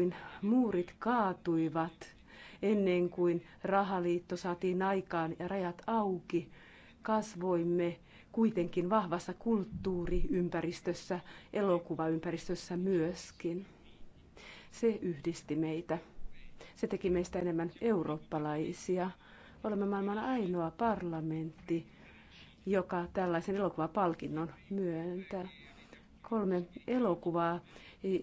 kuin muurit kaatuivat ennen kuin rahaliitto saatiin aikaan ja rajat auki, kasvoimme kuitenkin vahvassa kulttuuriympäristössä, elokuvaympäristössä myöskin. Se yhdisti meitä. Se teki meistä enemmän eurooppalaisia. Olemme maailman ainoa parlamentti, joka tällaisen elokuvapalkinnon myöntää kolme elokuvaa,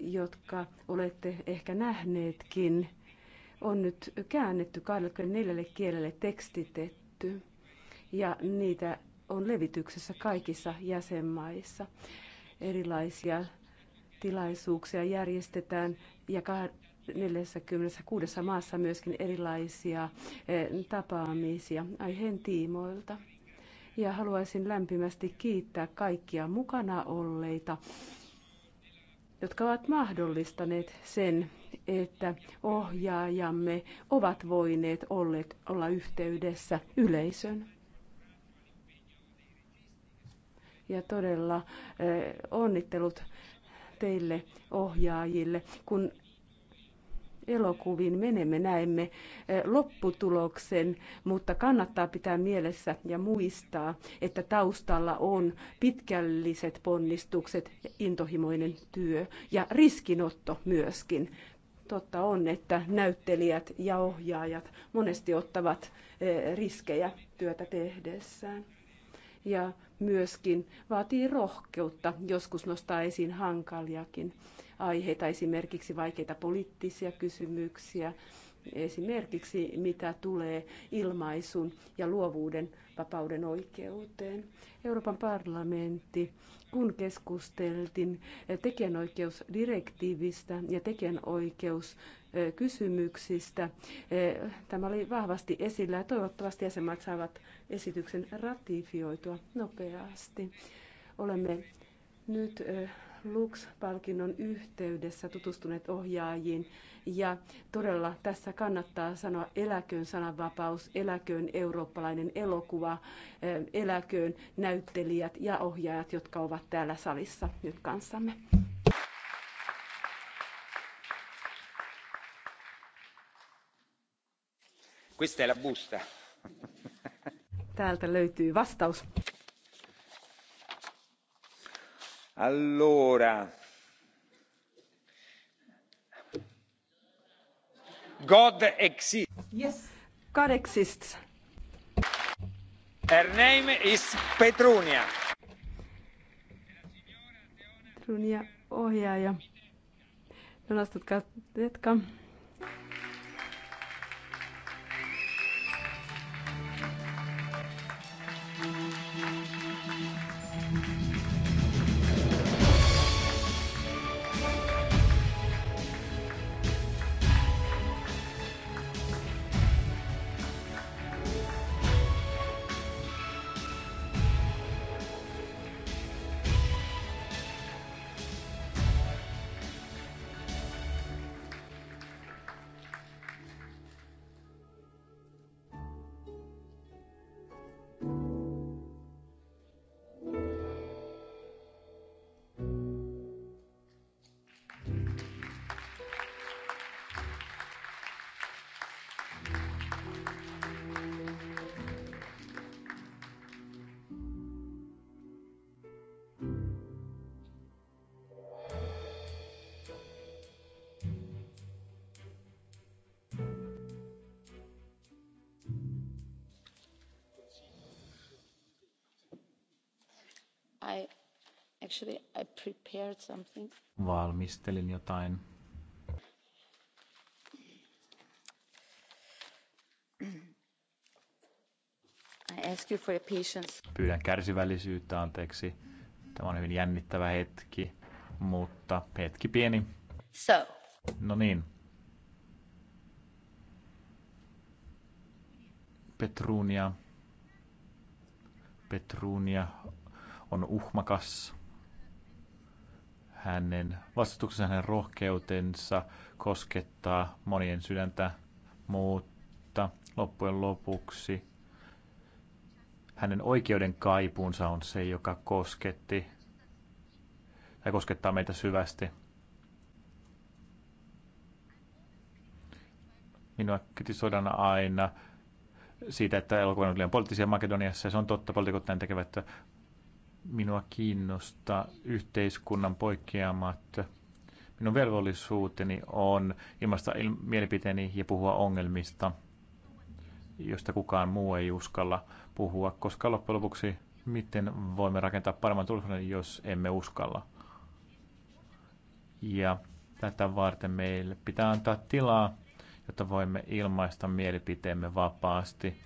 jotka olette ehkä nähneetkin, on nyt käännetty 24 kielelle tekstitetty ja niitä on levityksessä kaikissa jäsenmaissa. Erilaisia tilaisuuksia järjestetään ja 46 maassa myöskin erilaisia eh, tapaamisia aiheen tiimoilta ja haluaisin lämpimästi kiittää kaikkia mukana olleita, jotka ovat mahdollistaneet sen, että ohjaajamme ovat voineet olleet, olla yhteydessä yleisön. Ja todella eh, onnittelut teille ohjaajille, kun elokuviin menemme, näemme eh, lopputuloksen, mutta kannattaa pitää mielessä ja muistaa, että taustalla on pitkälliset ponnistukset, intohimoinen työ ja riskinotto myöskin. Totta on, että näyttelijät ja ohjaajat monesti ottavat eh, riskejä työtä tehdessään ja myöskin vaatii rohkeutta joskus nostaa esiin hankaliakin aiheita, esimerkiksi vaikeita poliittisia kysymyksiä, esimerkiksi mitä tulee ilmaisun ja luovuuden vapauden oikeuteen. Euroopan parlamentti, kun keskusteltiin tekijänoikeusdirektiivistä ja tekijänoikeus kysymyksistä. Tämä oli vahvasti esillä ja toivottavasti jäsenmaat saavat esityksen ratifioitua nopeasti. Olemme nyt Lux-palkinnon yhteydessä tutustuneet ohjaajiin. Ja todella tässä kannattaa sanoa eläköön sananvapaus, eläköön eurooppalainen elokuva, eh, eläköön näyttelijät ja ohjaajat, jotka ovat täällä salissa nyt kanssamme. Questa è la busta. Täältä löytyy vastaus. Allora. God exists. Yes. God exists. Her name is Petrunia. Petrunia ohjaaja. Pelastat jatka. Actually, I prepared something. Valmistelin jotain. I ask you for your patience. Pyydän kärsivällisyyttä, anteeksi. Tämä on hyvin jännittävä hetki, mutta hetki pieni. So. No niin. Petrunia. Petrunia on uhmakas hänen vastustuksensa, hänen rohkeutensa koskettaa monien sydäntä, mutta loppujen lopuksi hänen oikeuden kaipuunsa on se, joka kosketti tai koskettaa meitä syvästi. Minua kritisoidaan aina siitä, että elokuva on liian poliittisia Makedoniassa, ja se on totta, poliitikot näin tekevät, minua kiinnostaa yhteiskunnan poikkeamat. Minun velvollisuuteni on ilmaista il- mielipiteeni ja puhua ongelmista, josta kukaan muu ei uskalla puhua, koska loppujen lopuksi miten voimme rakentaa paremman tulevaisuuden, jos emme uskalla. Ja tätä varten meille pitää antaa tilaa, jotta voimme ilmaista mielipiteemme vapaasti.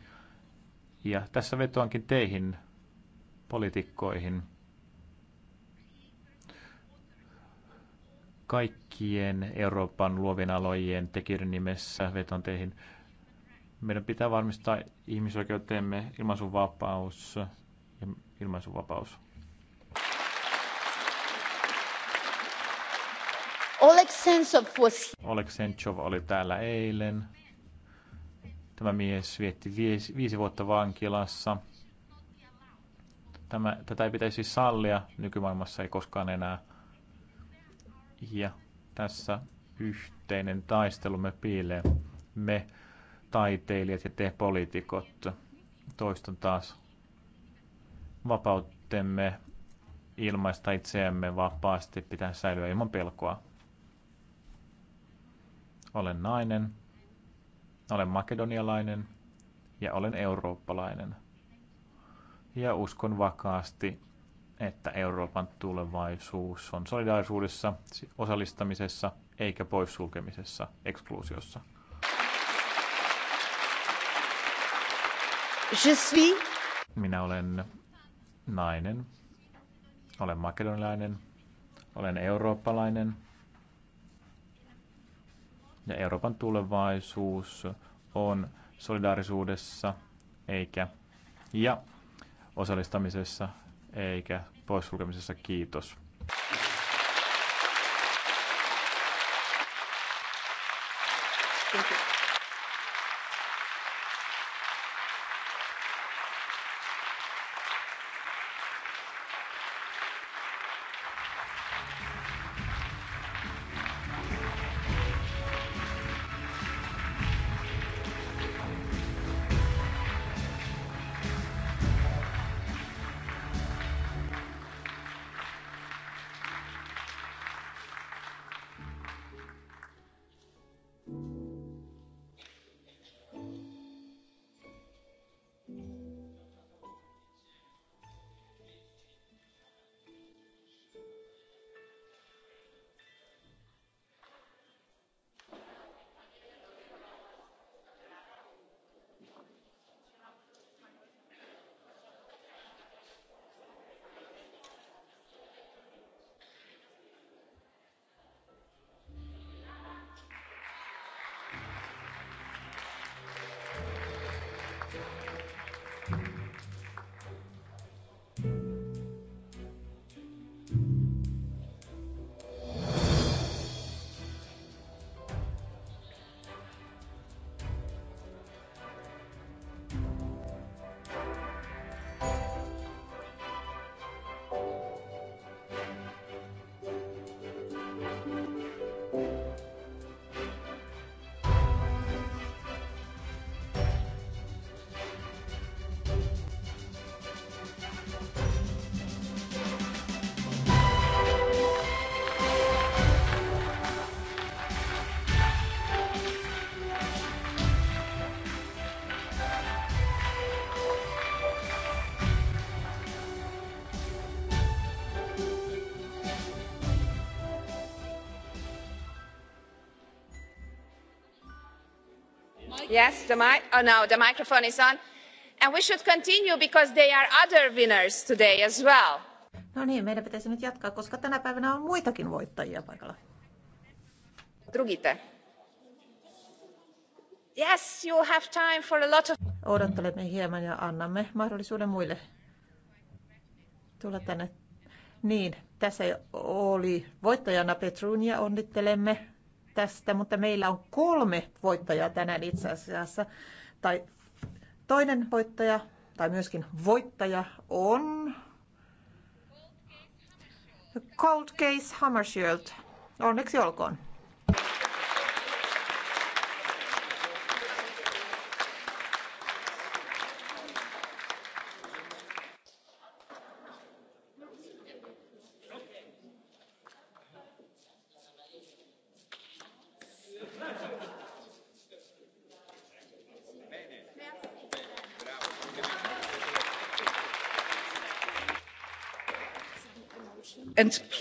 Ja tässä vetoankin teihin, poliitikkoihin. Kaikkien Euroopan luovien alojen tekijöiden nimessä veton teihin. Meidän pitää varmistaa ihmisoikeutemme ilmaisuvapaus ja ilmaisuvapaus. Oleksentsov oli täällä eilen. Tämä mies vietti viisi, viisi vuotta vankilassa – tämä, tätä ei pitäisi sallia, nykymaailmassa ei koskaan enää. Ja tässä yhteinen taistelumme piilee. Me taiteilijat ja te poliitikot, toistan taas, vapautemme ilmaista itseämme vapaasti pitää säilyä ilman pelkoa. Olen nainen, olen makedonialainen ja olen eurooppalainen ja uskon vakaasti, että Euroopan tulevaisuus on solidaarisuudessa, osallistamisessa eikä poissulkemisessa, eksklusiossa. Je suis. Minä olen nainen, olen makedonilainen, olen eurooppalainen ja Euroopan tulevaisuus on solidaarisuudessa eikä ja osallistamisessa eikä poissulkemisessa. Kiitos. yes oh no the microphone is on and we should continue because there are other winners today as well. No niin, meidän pitäisi nyt jatkaa, koska tänä päivänä on muitakin voittajia paikalla. Drugite. Yes, you have time for a lot of... Odottelemme hieman ja annamme mahdollisuuden muille tulla tänne. Niin, tässä oli voittajana Petrunia, onnittelemme tästä, mutta meillä on kolme voittajaa tänään itse asiassa. Tai toinen voittaja, tai myöskin voittaja on Cold Case Hammershield. Onneksi olkoon.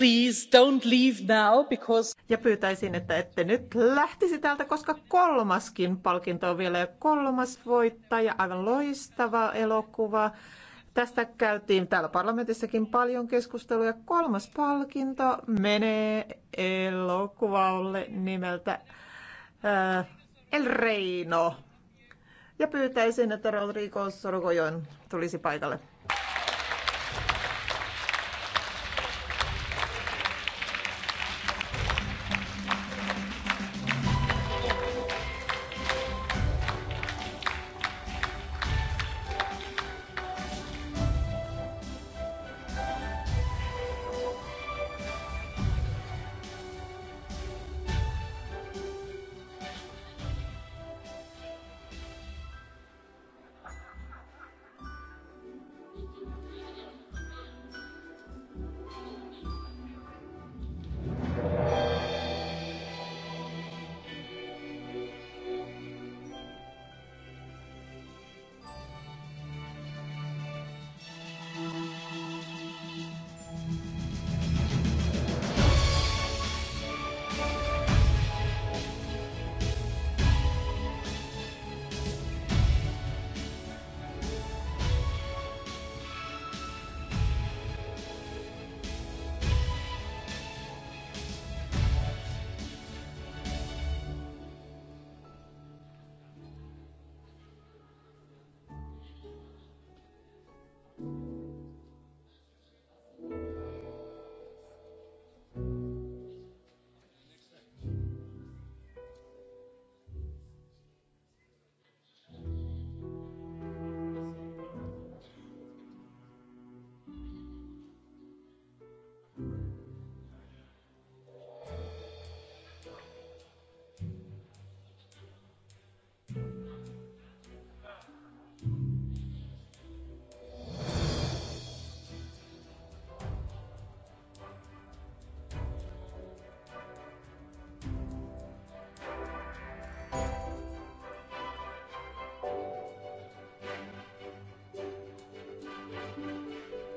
please don't leave now because... Ja pyytäisin, että ette nyt lähtisi täältä, koska kolmaskin palkinto on vielä kolmas voittaja, aivan loistava elokuva. Tästä käytiin täällä parlamentissakin paljon keskustelua ja kolmas palkinto menee elokuvalle nimeltä äh, El Reino. Ja pyytäisin, että Rodrigo Sorgojon tulisi paikalle.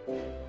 Thank you.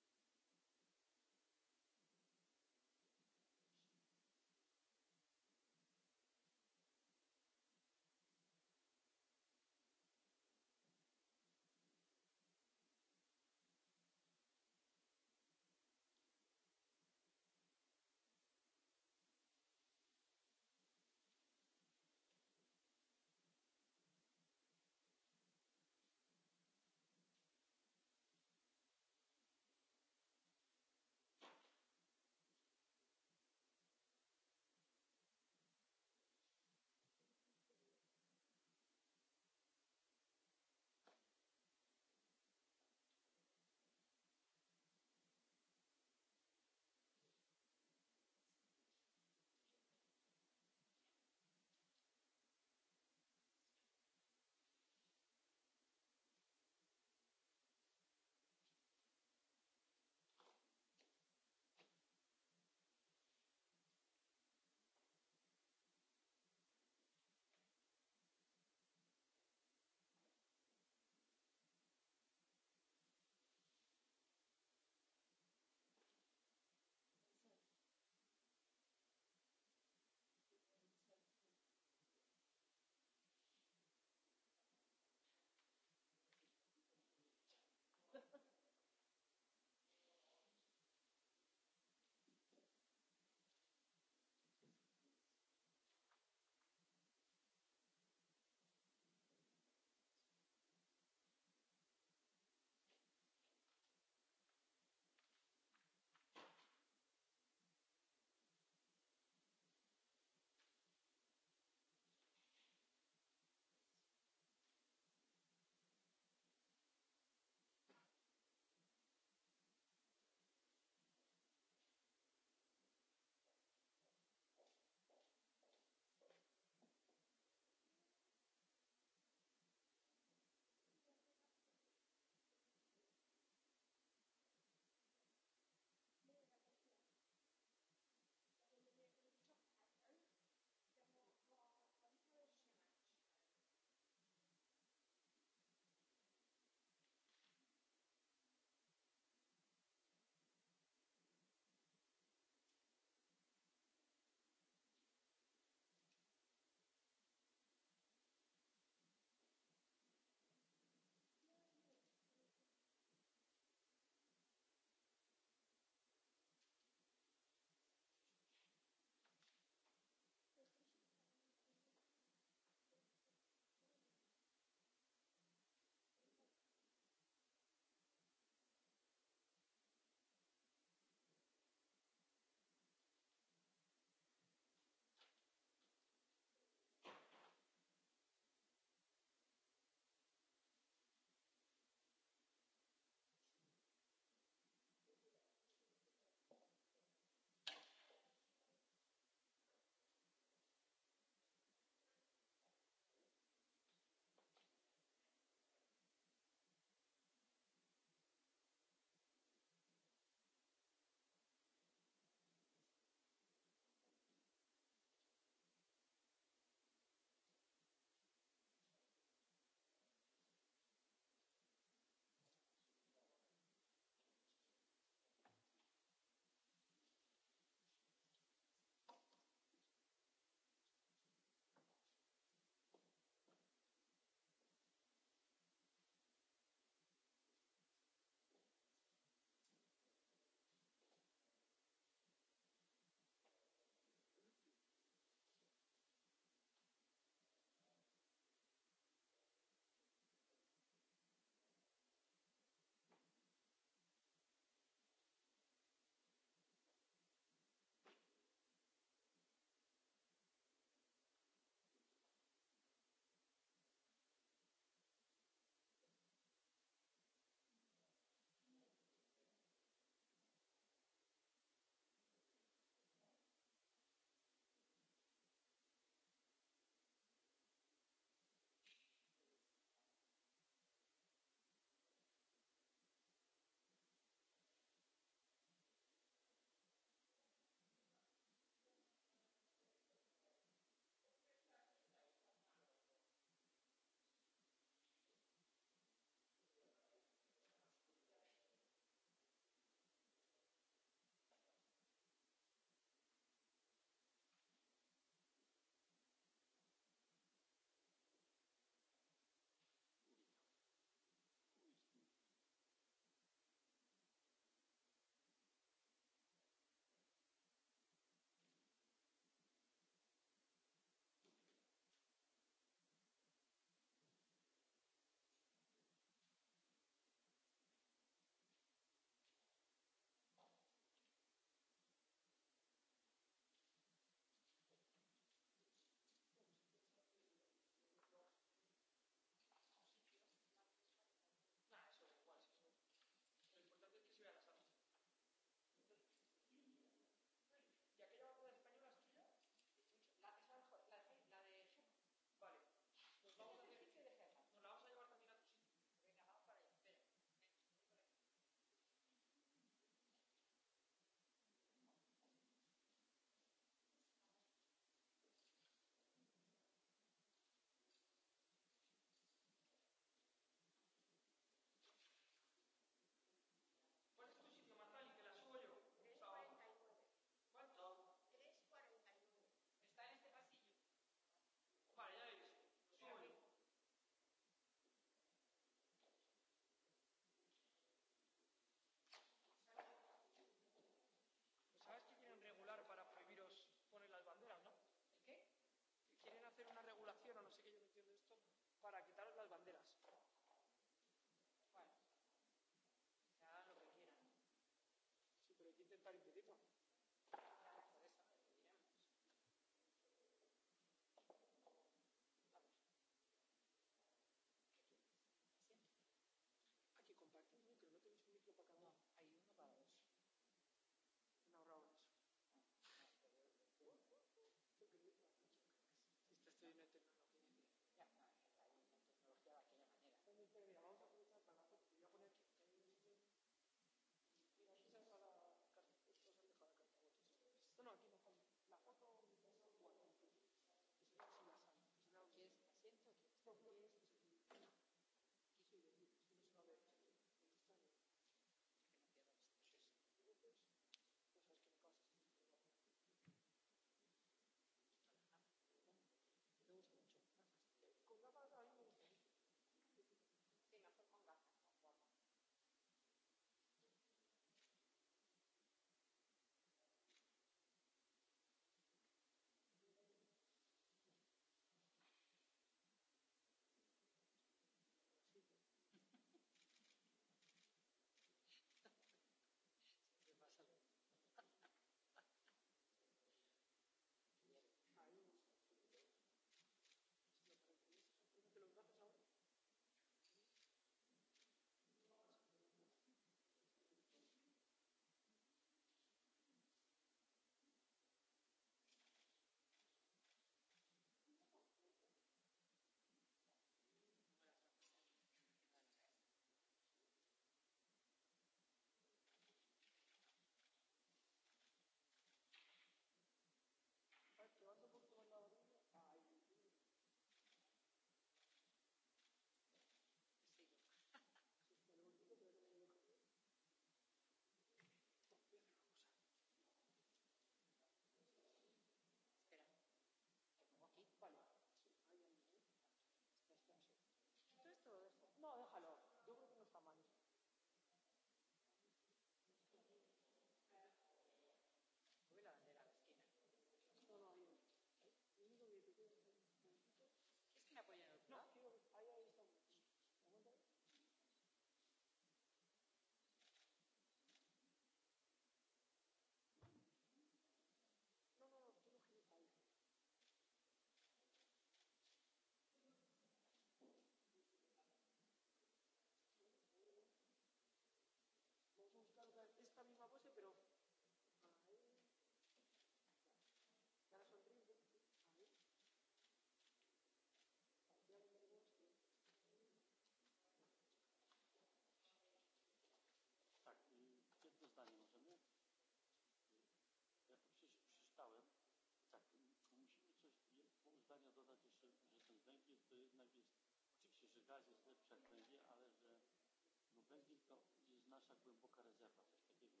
razie źle przekleje, ale że no będzie to jest nasza głęboka rezerwa, coś takiego.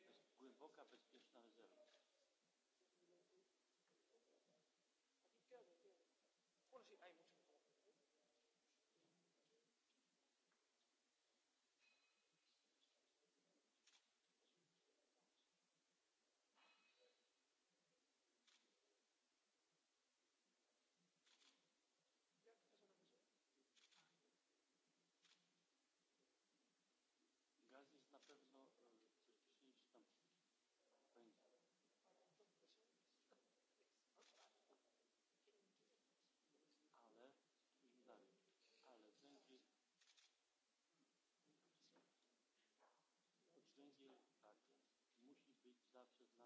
To jest głęboka, bezpieczna rezerwa. wśród nas.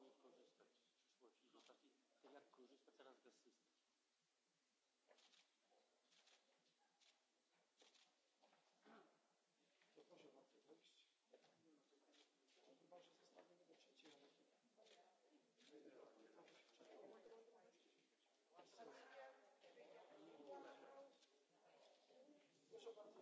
slúžiť, sme teraz Proszę bardzo,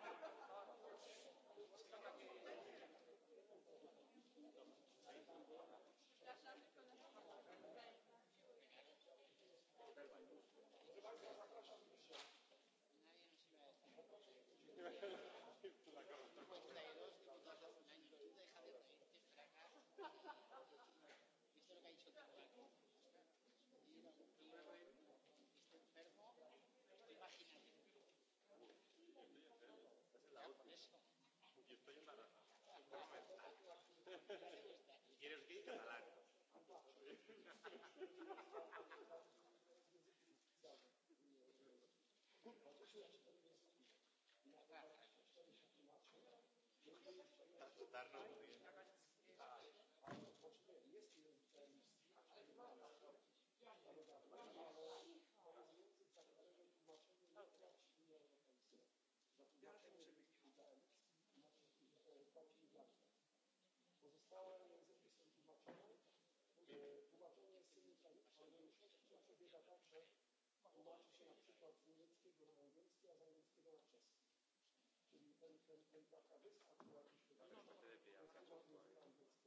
Ha ha ha! ¿Quieres gay catalán? Tarno muy bien. Ja, że zobaczy się na przykład niemieckiego węgierskiego, a za niemieckiego na czeski. Czyli ten, ten, ten taka wyspa, która gdzieś wydaje się na angielskiego.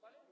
¿Cuál es?